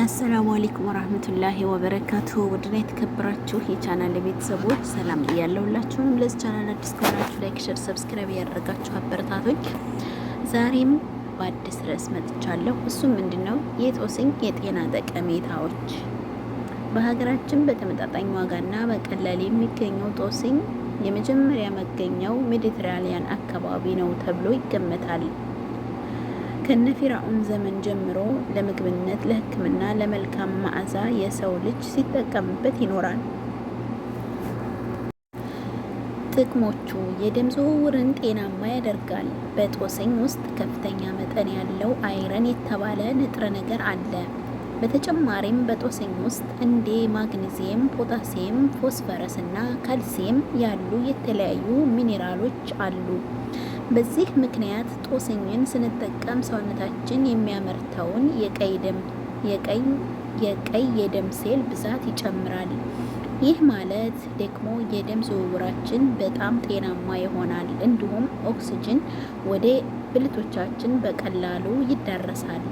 አሰላሙ አለይኩም ወራህመቱላሂ ወበረካቱ። ወደና የተከበራችሁ የቻናል ቤተሰቦች ሰላም ብያለሁላችሁም። ለዚህ ቻናል አዲስ ከሆናችሁ ላይክ፣ ሼር፣ ሰብስክራይብ ያደረጋችሁ አበረታቶች ዛሬም በአዲስ ርዕስ መጥቻለሁ። እሱም ምንድነው የጦስኝ የጤና ጠቀሜታዎች። በሀገራችን በተመጣጣኝ ዋጋና በቀላል የሚገኘው ጦስኝ የመጀመሪያ መገኘው ሜዲትራኒያን አካባቢ ነው ተብሎ ይገመታል። ከነፊራኡን ዘመን ጀምሮ ለምግብነት፣ ለሕክምና፣ ለመልካም ማዕዛ የሰው ልጅ ሲጠቀምበት ይኖራል። ጥቅሞቹ የደም ዝውውርን ጤናማ ያደርጋል። በጦስኝ ውስጥ ከፍተኛ መጠን ያለው አይረን የተባለ ንጥረ ነገር አለ። በተጨማሪም በጦስኝ ውስጥ እንደ ማግኒዚየም፣ ፖታሲየም፣ ፎስፈረስ እና ካልሲየም ያሉ የተለያዩ ሚኔራሎች አሉ። በዚህ ምክንያት ጦስኝን ስንጠቀም ሰውነታችን የሚያመርተውን የቀይ ደም የቀይ የቀይ የደም ሴል ብዛት ይጨምራል። ይህ ማለት ደግሞ የደም ዝውውራችን በጣም ጤናማ ይሆናል። እንዲሁም ኦክስጅን ወደ ብልቶቻችን በቀላሉ ይዳረሳል።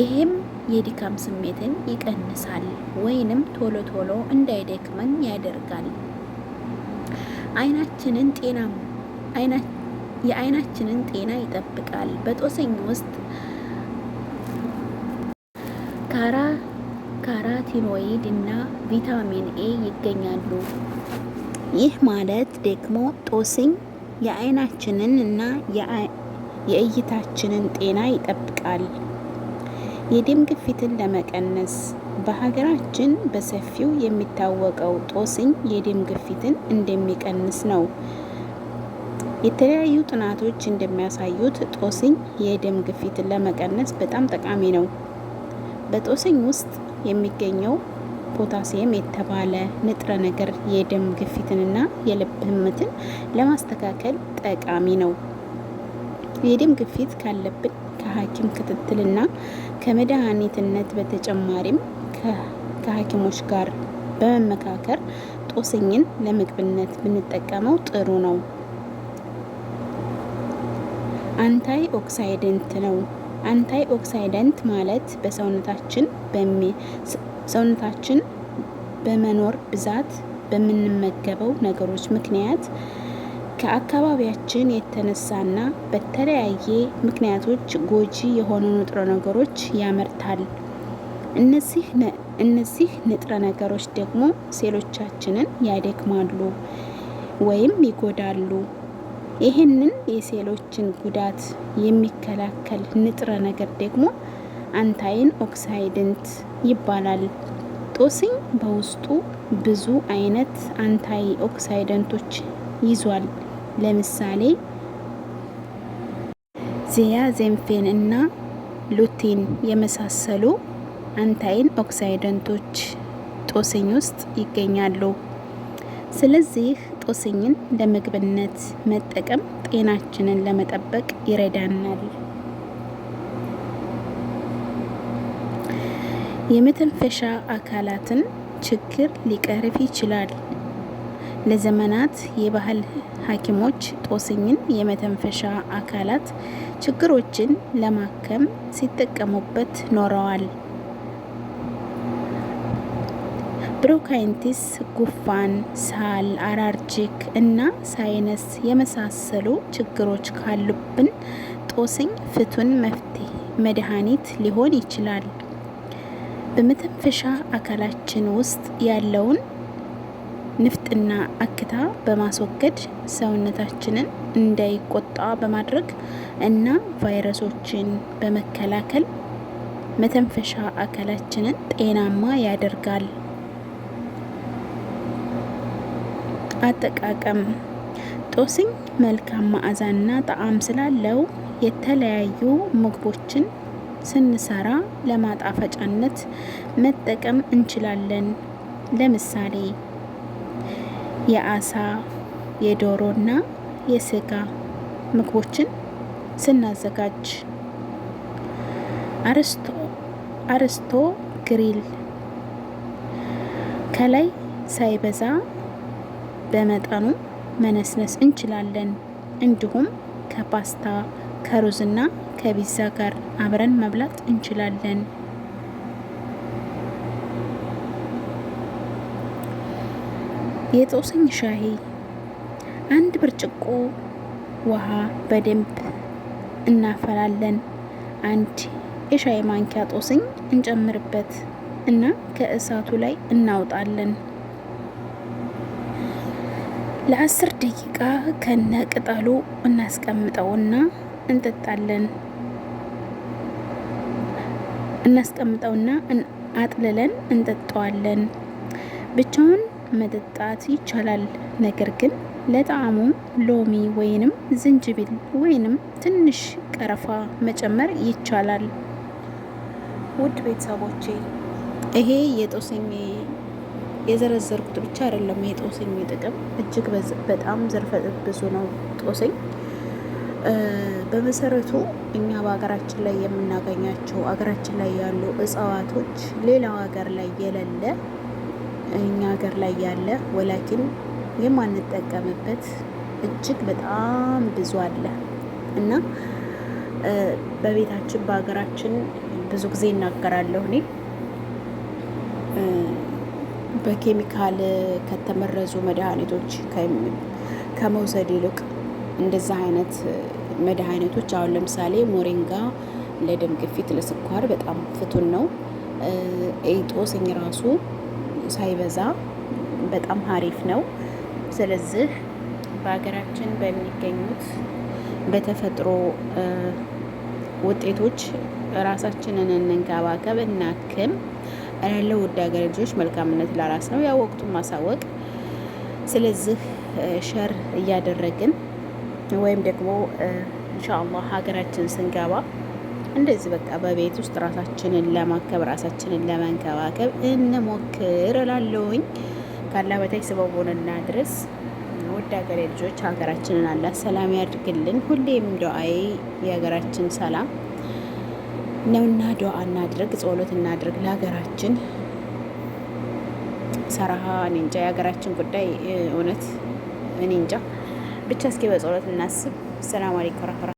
ይህም የድካም ስሜትን ይቀንሳል፣ ወይንም ቶሎ ቶሎ እንዳይደክመን ያደርጋል። አይናችንን ጤናማ የአይናችንን ጤና ይጠብቃል። በጦስኝ ውስጥ ካራ ካራቲኖይድ እና ቪታሚን ኤ ይገኛሉ። ይህ ማለት ደግሞ ጦስኝ የአይናችንን እና የእይታችንን ጤና ይጠብቃል። የደም ግፊትን ለመቀነስ በሀገራችን በሰፊው የሚታወቀው ጦስኝ የደም ግፊትን እንደሚቀንስ ነው። የተለያዩ ጥናቶች እንደሚያሳዩት ጦስኝ የደም ግፊትን ለመቀነስ በጣም ጠቃሚ ነው። በጦስኝ ውስጥ የሚገኘው ፖታሲየም የተባለ ንጥረ ነገር የደም ግፊትንና የልብ ህመትን ለማስተካከል ጠቃሚ ነው። የደም ግፊት ካለብን ከሐኪም ክትትልና ከመድኃኒትነት በተጨማሪም ከሐኪሞች ጋር በመመካከር ጦስኝን ለምግብነት ብንጠቀመው ጥሩ ነው። አንታይ ኦክሳይደንት ነው። አንታይ ኦክሳይደንት ማለት በሰውነታችን ሰውነታችን በመኖር ብዛት በምንመገበው ነገሮች ምክንያት ከአካባቢያችን የተነሳና በተለያየ ምክንያቶች ጎጂ የሆኑ ንጥረ ነገሮች ያመርታል። እነዚህ ንጥረ ነገሮች ደግሞ ሴሎቻችንን ያደክማሉ ወይም ይጎዳሉ። ይህንን የሴሎችን ጉዳት የሚከላከል ንጥረ ነገር ደግሞ አንታይን ኦክሳይድንት ይባላል። ጦስኝ በውስጡ ብዙ አይነት አንታይ ኦክሳይደንቶች ይዟል። ለምሳሌ ዚያ ዜንፌን እና ሉቲን የመሳሰሉ አንታይን ኦክሳይደንቶች ጦስኝ ውስጥ ይገኛሉ። ስለዚህ ጦስኝን ለምግብነት መጠቀም ጤናችንን ለመጠበቅ ይረዳናል። የመተንፈሻ አካላትን ችግር ሊቀርፍ ይችላል። ለዘመናት የባህል ሐኪሞች ጦስኝን የመተንፈሻ አካላት ችግሮችን ለማከም ሲጠቀሙበት ኖረዋል። ብሮካይንቲስ ጉፋን ሳል፣ አራርጂክ እና ሳይነስ የመሳሰሉ ችግሮች ካሉብን ጦስኝ ፍቱን መፍትሄ መድኃኒት ሊሆን ይችላል። በመተንፈሻ አካላችን ውስጥ ያለውን ንፍጥና አክታ በማስወገድ ሰውነታችንን እንዳይቆጣ በማድረግ እና ቫይረሶችን በመከላከል መተንፈሻ አካላችንን ጤናማ ያደርጋል። አጠቃቀም ጦስኝ መልካም መዓዛና ጣዕም ስላለው የተለያዩ ምግቦችን ስንሰራ ለማጣፈጫነት መጠቀም እንችላለን። ለምሳሌ የአሳ የዶሮና የስጋ ምግቦችን ስናዘጋጅ አርስቶ አርስቶ ግሪል ከላይ ሳይበዛ በመጠኑ መነስነስ እንችላለን። እንዲሁም ከፓስታ ከሩዝና ከቢዛ ጋር አብረን መብላት እንችላለን። የጦስኝ ሻሂ አንድ ብርጭቆ ውሃ በደንብ እናፈላለን። አንድ የሻይ ማንኪያ ጦስኝ እንጨምርበት እና ከእሳቱ ላይ እናውጣለን። ለአስር ደቂቃ ከነ ቅጠሉ እናስቀምጠውና እንጠጣለን። እናስቀምጠውና አጥልለን እንጠጣዋለን። ብቻውን መጠጣት ይቻላል። ነገር ግን ለጣዕሙ ሎሚ ወይንም ዝንጅብል ወይንም ትንሽ ቀረፋ መጨመር ይቻላል። ውድ ቤተሰቦቼ ይሄ የጦስኝ የዘረዘርኩት ብቻ አይደለም። ይሄ ጦስኝ ጥቅም እጅግ በጣም ዘርፈ ብዙ ነው። ጦስኝ በመሰረቱ እኛ በሀገራችን ላይ የምናገኛቸው ሀገራችን ላይ ያሉ እጽዋቶች ሌላው ሀገር ላይ የሌለ እኛ ሀገር ላይ ያለ ወላኪን የማንጠቀምበት እጅግ በጣም ብዙ አለ እና በቤታችን በሀገራችን ብዙ ጊዜ እናገራለሁ እኔ በኬሚካል ከተመረዙ መድኃኒቶች ከመውሰድ ይልቅ እንደዛ አይነት መድኃኒቶች አሁን ለምሳሌ ሞሪንጋ ለደም ግፊት፣ ለስኳር በጣም ፍቱን ነው። ኤጦስኝ ራሱ ሳይበዛ በጣም ሀሪፍ ነው። ስለዚህ በሀገራችን በሚገኙት በተፈጥሮ ውጤቶች ራሳችንን እንንከባከብ፣ እናክም። ያለው ውድ ሀገር ልጆች መልካምነት ለራስ ነው፣ ያው ወቅቱን ማሳወቅ። ስለዚህ ሸር እያደረግን ወይም ደግሞ ኢንሻአላህ ሀገራችን ስንገባ እንደዚህ በቃ በቤት ውስጥ ራሳችንን ለማከብ ራሳችንን ለመንከባከብ እንሞክር እላለሁኝ። ካላ በታች ስበቦንና ድረስ ውድ ሀገሬ ልጆች ሀገራችንን አላ ሰላም ያድርግልን። ሁሌም ዱአዬ የሀገራችን ሰላም ነውና ዱዓ እናድርግ፣ ጸሎት እናድርግ ለሀገራችን። ሰራሃ እኔ እንጃ የሀገራችን ጉዳይ እውነት እኔ እንጃ ብቻ። እስኪ በጸሎት እናስብ። ሰላም አለይኩም